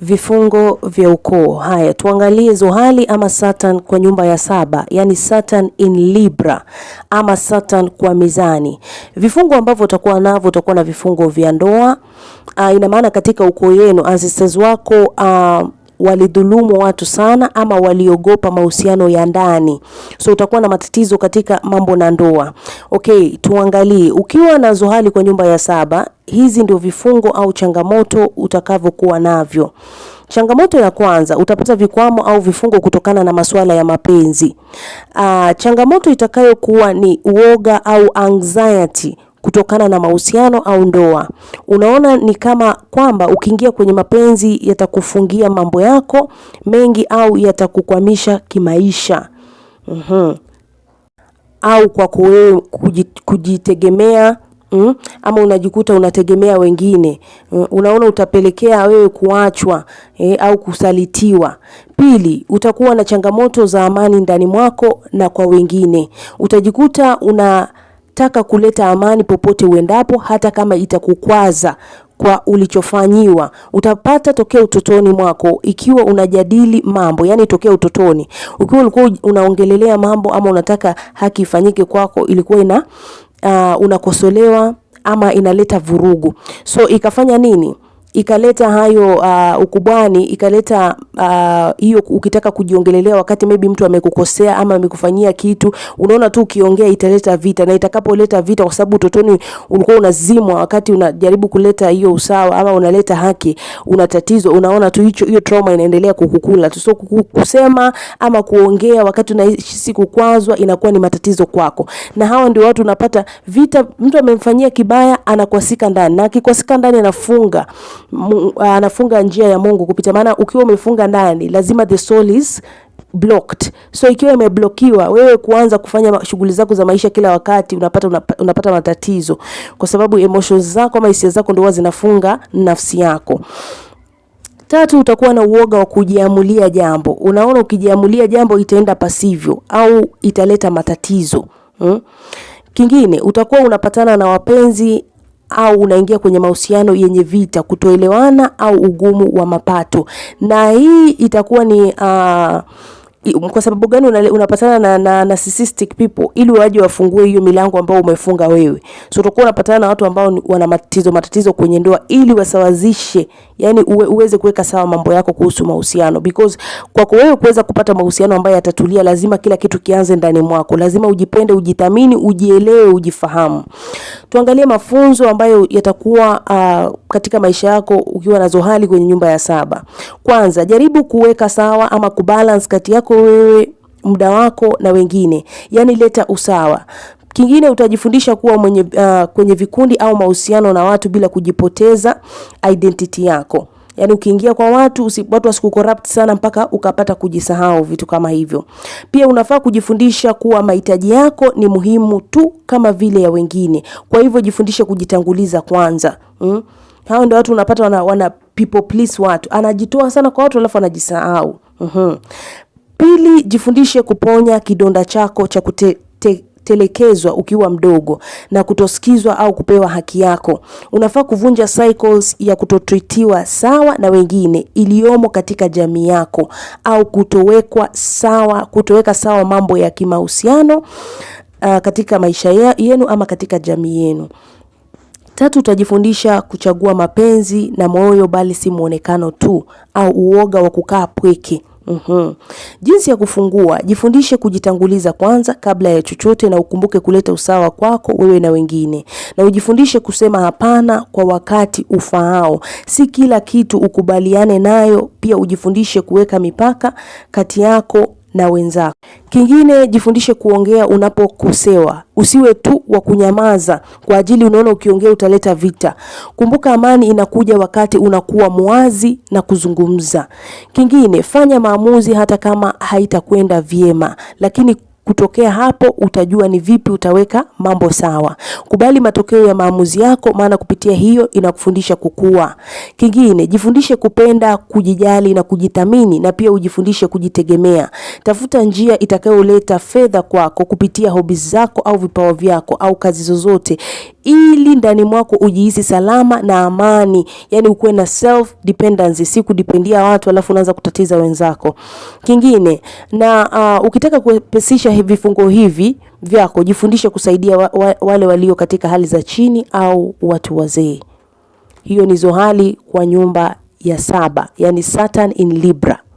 Vifungo vya ukoo. Haya, tuangalie Zohali ama Saturn kwa nyumba ya saba, yani Saturn in Libra ama Saturn kwa mizani. Vifungo ambavyo utakuwa navyo, utakuwa na vifungo vya ndoa. Ah, ina maana katika ukoo yenu ancestors wako uh, walidhulumu watu sana ama waliogopa mahusiano ya ndani, so utakuwa na matatizo katika mambo na ndoa. Okay, tuangalie ukiwa na zohali kwa nyumba ya saba, hizi ndio vifungo au changamoto utakavyokuwa navyo. Changamoto ya kwanza utapata vikwamo au vifungo kutokana na masuala ya mapenzi. Aa, ah, changamoto itakayokuwa ni uoga au anxiety kutokana na mahusiano au ndoa. Unaona ni kama kwamba ukiingia kwenye mapenzi yatakufungia mambo yako mengi au yatakukwamisha kimaisha. Mm-hmm. Au kwako wewe kujitegemea mm, ama unajikuta unategemea wengine mm, unaona utapelekea wewe kuachwa eh, au kusalitiwa. Pili, utakuwa na changamoto za amani ndani mwako na kwa wengine, utajikuta una Taka kuleta amani popote uendapo, hata kama itakukwaza kwa ulichofanyiwa. Utapata tokea utotoni mwako, ikiwa unajadili mambo yani, tokea utotoni, ukiwa ulikuwa unaongelelea mambo ama unataka haki ifanyike kwako, ilikuwa ina uh, unakosolewa ama inaleta vurugu, so ikafanya nini? Ikaleta hayo uh, ukubwani, ikaleta Uh, hiyo uh, ukitaka kujiongelelea wakati maybe mtu amekukosea ama amekufanyia kitu, unaona tu ukiongea italeta vita, na itakapoleta vita, kwa sababu utotoni ulikuwa unazimwa wakati unajaribu kuleta hiyo usawa ama unaleta haki, una tatizo, unaona tu hicho, hiyo trauma inaendelea kukukula tu. So kusema ama kuongea wakati unaishi kukwazwa inakuwa ni matatizo kwako, na hawa ndio watu unapata vita. Mtu amemfanyia kibaya, anakwasika ndani, na akikwasika ndani anafunga, anafunga njia ya Mungu kupita, maana ukiwa umefunga ndani, lazima the soul is blocked. So ikiwa imeblokiwa, wewe kuanza kufanya shughuli zako za maisha kila wakati unapata, unapata, unapata matatizo kwa sababu emotions zako ama hisia zako ndio zinafunga nafsi yako. Tatu, utakuwa na uoga wa kujiamulia jambo. Unaona, ukijiamulia jambo itaenda pasivyo au italeta matatizo hmm? Kingine utakuwa unapatana na wapenzi au unaingia kwenye mahusiano yenye vita, kutoelewana au ugumu wa mapato, na hii itakuwa ni uh, kwa sababu gani unapatana na, na narcissistic people ili waje wafungue hiyo milango ambao umefunga wewe. So utakuwa unapatana na watu ambao wana matatizo matatizo kwenye ndoa ili wasawazishe, yani uwe, uweze kuweka sawa mambo yako kuhusu mahusiano, because kwako wewe kuweza kupata mahusiano ambayo yatatulia, lazima kila kitu kianze ndani mwako. Lazima ujipende, ujithamini, ujielewe, ujifahamu. Tuangalie mafunzo ambayo yatakuwa uh, katika maisha yako ukiwa na zohali kwenye nyumba ya saba. Kwanza jaribu kuweka sawa ama kubalance kati yako wewe, muda wako na wengine, yaani leta usawa. Kingine utajifundisha kuwa mwenye, uh, kwenye vikundi au mahusiano na watu bila kujipoteza identity yako. Yaani ukiingia kwa watu usi, watu wasikucorrupt sana mpaka ukapata kujisahau vitu kama hivyo. Pia unafaa kujifundisha kuwa mahitaji yako ni muhimu tu kama vile ya wengine. Kwa hivyo jifundishe kujitanguliza kwanza. Mm? Hao ndio watu unapata wana, wana people please watu, anajitoa sana kwa watu alafu anajisahau. Uhum. Pili, jifundishe kuponya kidonda chako cha kute, te, telekezwa ukiwa mdogo na kutosikizwa au kupewa haki yako. Unafaa kuvunja cycles ya kutotritiwa sawa na wengine iliyomo katika jamii yako au kutowekwa sawa, kutoweka sawa mambo ya kimahusiano uh, katika maisha yenu ama katika jamii yenu. Tatu, utajifundisha kuchagua mapenzi na moyo, bali si mwonekano tu au uoga wa kukaa pweke. Uhum. Jinsi ya kufungua, jifundishe kujitanguliza kwanza kabla ya chochote, na ukumbuke kuleta usawa kwako wewe na wengine, na ujifundishe kusema hapana kwa wakati ufaao. Si kila kitu ukubaliane nayo. Pia ujifundishe kuweka mipaka kati yako na wenzako. Kingine, jifundishe kuongea unapokosewa. Usiwe tu wa kunyamaza kwa ajili unaona ukiongea utaleta vita. Kumbuka, amani inakuja wakati unakuwa mwazi na kuzungumza. Kingine, fanya maamuzi hata kama haitakwenda vyema, lakini Kutokea hapo utajua ni vipi utaweka mambo sawa. Kubali matokeo ya maamuzi yako, maana kupitia hiyo inakufundisha kukua. Kingine, jifundishe kupenda, kujijali na kujithamini, na pia ujifundishe kujitegemea. Tafuta njia itakayoleta fedha kwako kupitia hobi zako au vipawa vyako au kazi zozote ili ndani mwako ujihisi salama na amani, yani ukuwe na self dependency, si kudipendia watu alafu unaanza kutatiza wenzako. Kingine na uh, ukitaka kuepesisha vifungo hivi vyako, jifundishe kusaidia wa, wa, wale walio katika hali za chini au watu wazee. Hiyo ni zohali kwa nyumba ya saba, yani Saturn in Libra.